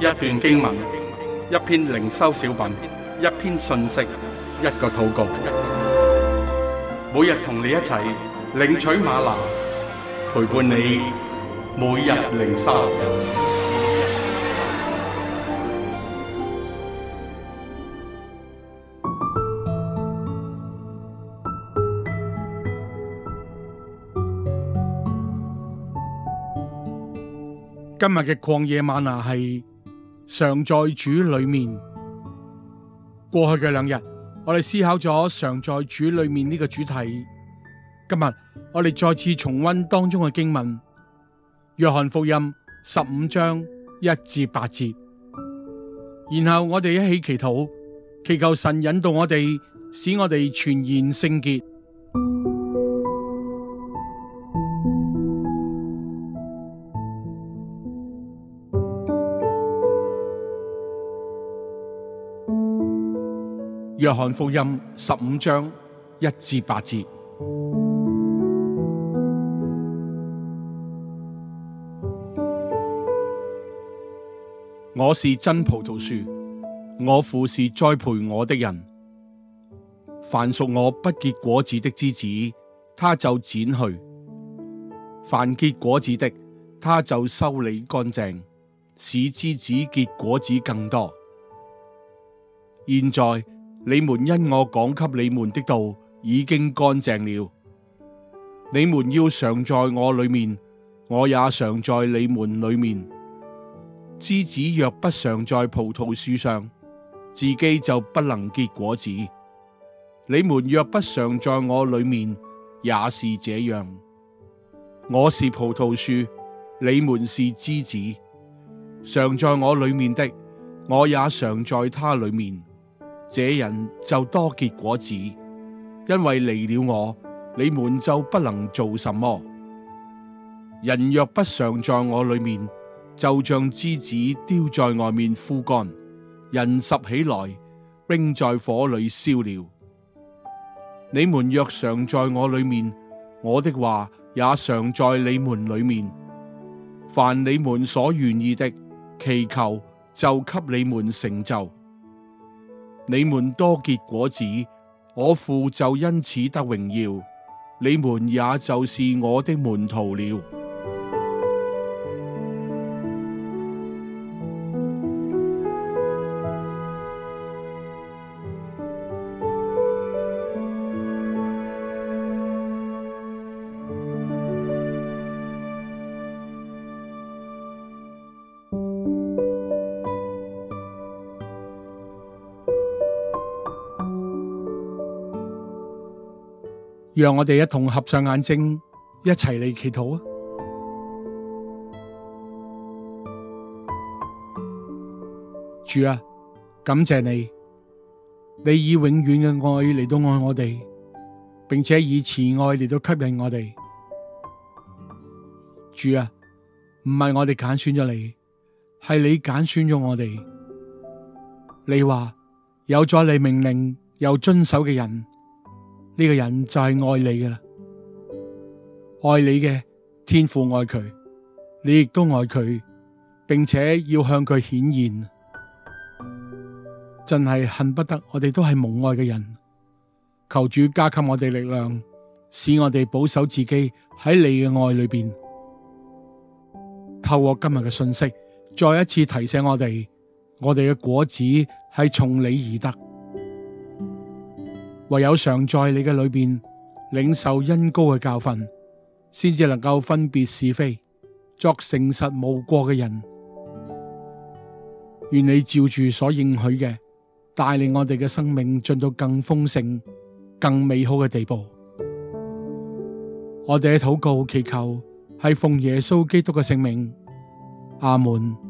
一段經文，一篇靈修小品，一篇信息，一個禱告。每日同你一齊領取嗎哪，陪伴你每日靈修。今日嘅曠野嗎哪係。常在主裏面，過去嘅兩日，我哋思考咗常在主裏面呢個主題。今日我哋再次重溫當中嘅經文《約翰福音》十五章一至八節，然後我哋一起祈禱，祈求神引導我哋，使我哋全然聖潔。約翰福音十五章一至八節： 我是真葡萄樹，我父是栽培我的人。凡屬我不結果子的枝子，他就剪去；凡結果子的，他就修理乾淨，使枝子結果子更多。現在。你們因我講給你們的道已經乾淨了，你們要常在我裏面，我也常在你們裏面。枝子若不常在葡萄樹上，自己就不能結果子；你們若不常在我裏面，也是這樣。我是葡萄樹，你們是枝子，常在我裏面的，我也常在他裏面。這人就多結果子，因為離了我，你們就不能做什麼。人若不常在我裡面，就像枝子丟在外面枯乾；人拾起來，扔在火裡燒了。你們若常在我裡面，我的話也常在你們裡面。凡你們所願意的，祈求就給你們成就。你們多結果子，我父就因此得榮耀，你們也就是我的門徒了。讓我哋一同合上眼睛，一齊嚟祈禱啊！主啊，感謝你，你以永遠嘅愛嚟到愛我哋，並且以慈愛嚟到吸引我哋。主啊，唔係我哋揀選咗你，係你揀選咗我哋。你話有咗你命令又遵守嘅人，呢個人就係愛你嘅啦，愛你嘅天父愛佢，你亦都愛佢，並且要向佢顯現。真係恨不得我哋都係蒙愛嘅人。求主加給我哋力量，使我哋保守自己喺你嘅愛裏邊。透過今日嘅信息，再一次提醒我哋，我哋嘅果子係從你而得。唯有常在你嘅裡面領受恩膏嘅教訓，先至能夠分別是非，作誠實無過嘅人。願你照住所應許嘅，帶領我哋嘅生命進到更豐盛、更美好嘅地步。我哋嘅禱告祈求係奉耶穌基督嘅聖名，阿門。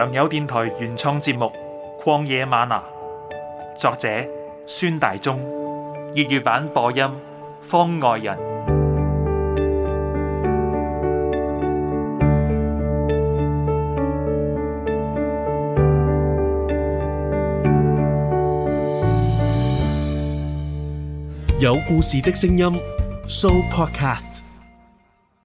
良友電台原創節目《曠野嗎哪》，作者孫大中，粵語版播音方外人，有故事的聲音，Show Podcast。